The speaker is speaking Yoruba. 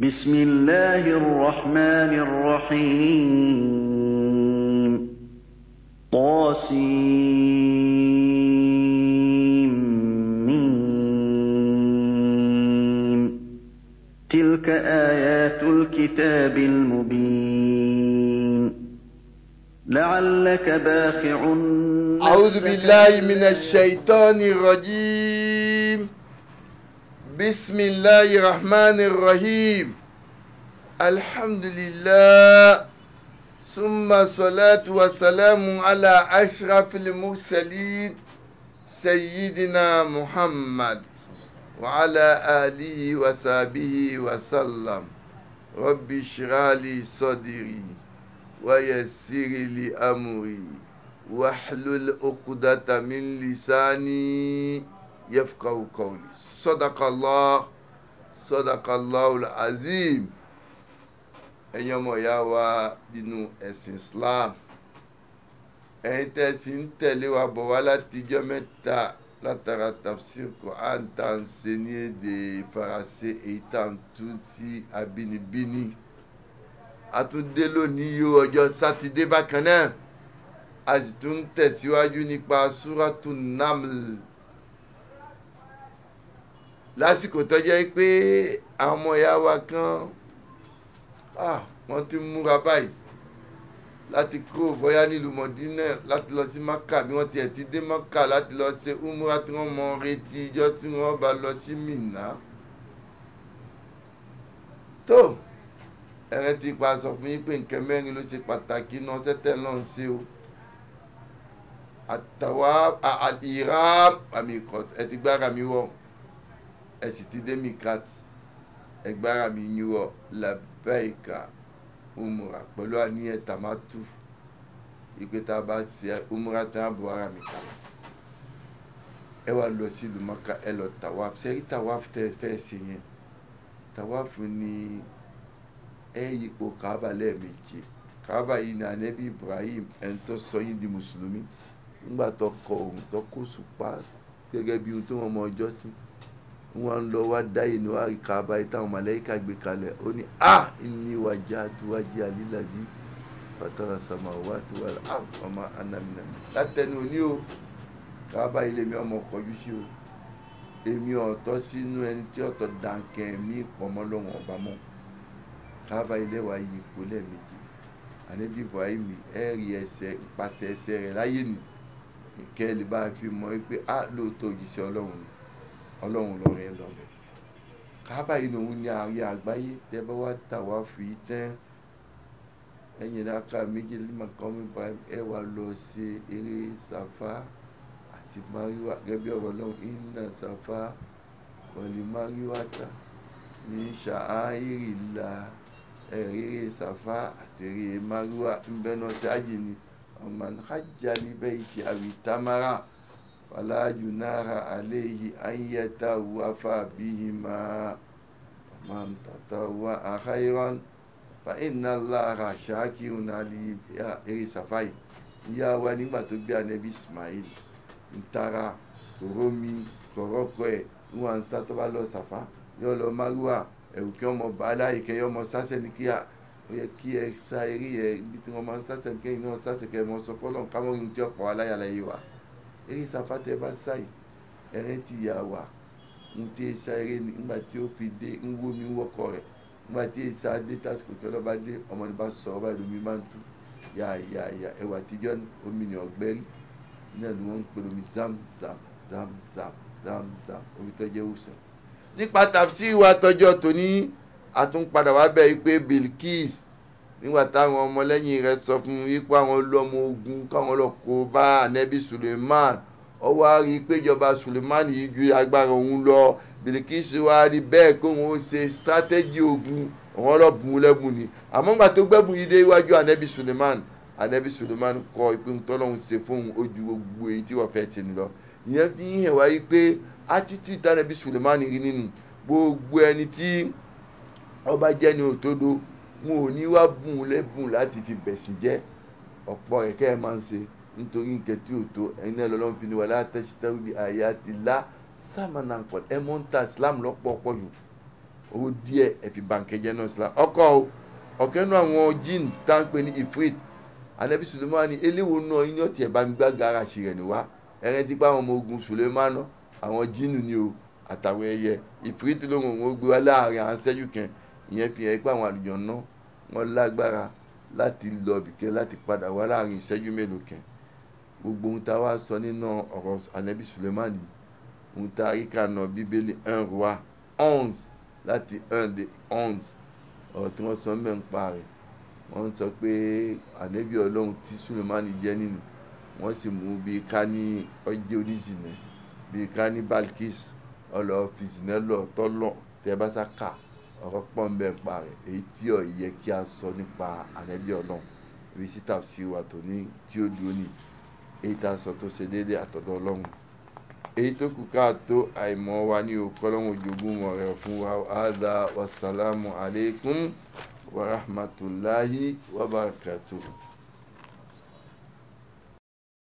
بسم الله الرحمن الرحيم طاسيم تلك آيات الكتاب المبين لعلك باخع أعوذ بالله من الشيطان الرجيم بسم الله الرحمن الرحيم الحمد لله ثم صلاة وسلام على أشرف المرسلين سيدنا محمد وعلى آله وصحبه وسلم رب اشرح لي صدري ويسر لي أمري واحلل عقدة من لساني yafqahu qawli صدق الله azim ẹ̀yin ọmọ ìyá wa nínú ẹ̀sìn Islam ẹ̀yin tẹ́ ti ń tẹ̀lé wa bọ̀ wá látijọ́ mẹ́ta látara tafsir Quran tá à ń ṣe ní èdè faransé èyí tá à ń tú sí abínibíni àtúndé lónìí yóò ọjọ́ sátidé bákan náà a sì tún tẹ̀síwájú nípa súrátù naml lásìkò tó jẹ́ pé àwọn ọmọ ìyá wa kan ah, wọ́n ti múra báyìí láti kúrò bóyá nílùú mọ̀dínà láti lọ sí maka bí wọ́n tiẹ̀ ti dé maka láti lọ ṣe umra tí wọ́n mọ retí ijọ́ tí wọ́n bá lọ sí Mínà tó ẹ̀rẹ́ ti pa sọ fún yín pé nǹkan mẹ́rin ló ṣe pàtàkì náà sẹ́tẹ̀ náà ń ṣe o àtàwọn àìrá àmì ẹ̀ ti gbára mi wọ̀ ẹ sì ti dé mikat ẹgbára mi yúrọ làbẹ́ẹ̀ka umura pẹ̀lú àníyàn tamatu ìpè tá a bá ṣe umura tá a bọ̀ ara mi kalẹ̀ ẹ wá lọ sí ìlú ẹ lọ tawaf ṣe tawaf tẹ fẹ́ ṣe yẹn tawaf ni ẹ yípo kaaba lẹ́ẹ̀mejì kaaba yìí ni anabi ibrahim ẹni tó sọ yín di mùsùlùmí nígbà tó kọ òun tó kó sùpá gẹ́gẹ́ bí ohun tó wọn mọ ọjọ́ sí wọn lọ wá dá inú wa kà á báyìí táwọn màláíkà gbé kalẹ̀ ó ní a ní wàjà àtiwájú àlílàdí fatara samawati wal ard wa ma ana minan látẹnu ní o kà á báyìí ọmọ kọjú sí o èmi ọ̀tọ́ sínú ẹni tí ọ̀tọ̀ dànkẹ́ mi pọ̀mọ́ lọ́wọ́ ọba mọ́ kà á báyìí lẹ́wàá yìí kó lẹ́ẹ̀mejì ànábì Ibrahim ẹ̀rí ẹsẹ̀ pàṣẹ ẹsẹ̀ rẹ̀ láyé nì kẹ́ bá fi mọ́ pé a lóòótọ́ òjíṣẹ́ Ọlọ́run ni ọlọ́run lọ́rùn ẹ̀ lọ́rùn kábà inú òun ní ààrẹ àgbáyé tẹ́ bá wá tà wá fi tán ẹ̀yìn ìdáka méjì lima kọ́mí prime ẹ̀ wá lọ ṣe eré sàfá àti mariwa gẹ́gẹ́ ọ̀rọ̀ ọlọ́run iná sàfá pẹ̀lú mariwa ta ní ṣàáhírì la eré sàfá àti eré mariwa ń bẹ́ẹ̀ náà ṣáàjì ni ọmọ hajjali bayti àwìtámárà. فلا جناح عليه أن يتوفى بهما من تطوع خيرا فإن الله شاكر عليم يا إرسفاي ìyá wa nígbà tó gbé anabi Ismail ntara tòrómi tòrókọ ẹ níwà nta tó bá lọ sàfà yọ lọ márùwà ẹrù kí ọmọ bàálà ìkẹ yọ ọmọ sásẹ ní kíá ó yẹ kí ẹ sá eré yẹ ibi tí wọn máa ń sásẹ ní kẹyìn náà sásẹ kẹ ẹ mọ sọ fọlọ nǹkan mọ ohun tí ọkọ aláyàlá yìí wà eré sáfá tẹ bá sáyì ẹrẹ ti yà wá ń tẹ sáré nígbà tí ó fi dé ń wó mi wọkọ rẹ nígbà tí èsà e dé tásìkò tí ọlọ́ba dé ọmọ ní bá sọ ọba ìlú mi máa ń tú yà yà yà ẹwà àtijọ́ omi ni ọ̀gbẹ́rì náà ni wọ́n ń pè lómi zam zam zam zam zam zam omi tó jẹ́ òsàn. nípa tàfsí wa tọjọ́ tòní àtúnpadà wá bẹ́ẹ̀ pé Bilkis nígbà táwọn ọmọlẹ́yìn rẹ̀ sọ fún wípé àwọn lọ́mọ ogun káwọn lọ kó bá anabi suleiman ó wá rí i péjọba suleiman yìí ju agbára òun lọ bìlìkìsì wá rí bẹ́ẹ̀ kó wọn ṣe strategy ogun àwọn ọlọ́bùn lẹ́bùn ni àmọ́ nígbà tó gbẹ́bùn yìí dé iwájú anabi suleiman anabi suleiman kọ ìpín tọ́lọ́hún ṣe fóun ojú gbogbo èyí tí wọ́n fẹ́ ti ní lọ ìyẹn fi hàn wáyé pé attitude tanabi suleiman rí nínú gbogbo ẹni tí ọba jẹ́ ni òtódó wọn ò ní wá bùn lẹ́bùn láti fi bẹ̀sìn jẹ́ ọ̀pọ̀ ẹ̀kẹ́ ẹ̀ máa ń ṣe nítorí nǹkan tí ò tó ẹ̀yin náà lọ́lọ́run fi ni wà látẹ̀sítẹ́ wíbi àyà ti la sámánà pọ̀ ẹ̀ mọ́ ń ta Islam lọ́pọ̀ ọ̀pọ̀ jù owó díẹ̀ ẹ̀ fi bànkẹ́ jẹ́ náà Islam ọkọ̀ o ọ̀kẹ́ nú àwọn jean tá à ń pè ní ifrit anabi sulemani eléwo náà yín ọ̀tí ẹ̀ bá ń gbá garaasi rẹ̀ níwá ẹ̀rẹ́ ti pa àwọn ọmọ ogun sulemani àwọn jean ni o àtàwọn ẹyẹ ifrit lóhùn òun gbé wá láàrin à sẹ́jú kan ìyẹn fi hàn pé àwọn àlùjọ náà wọ́n lágbára láti lọ bìkẹ́ láti padà wá láàrin ìṣẹ́jú mélòó kan gbogbo ohun tá a wá sọ nínú ọ̀rọ̀ anabi sulemani ohun tá a rí kà nà bíbélì un roi onze láti un de onze ọ̀rọ̀ tí wọ́n sọ ń bẹ̀ ń pa rẹ̀ wọ́n sọ pé anabi ọlọ́run tí sulemani jẹ́ nínú wọ́n sì mú bíi ká ní ọjọ́ oníṣìnà bíi ká ní balkis ọlọ́ọ̀fìsì náà lọ tọ́lọ̀ tẹ́ bá sá kà á ọ̀rọ̀ pọ́n bẹ́ẹ̀ pa rẹ̀ èyí tí ọ̀ yẹ kí a sọ nípa ànábì ọlọ́run ibi tí tafsir wa tó ní tí ó dúró ní èyí tá a sọ tó ṣe déédé àtọ̀dọ̀ ọlọ́run èyí tó kù ká tó àìmọ̀ wa ní òkú ọlọ́run ojogún mọ̀ rẹ̀ fún wa hadha wasalaamu alaykum wa rahmatulahi wa barakatuhu.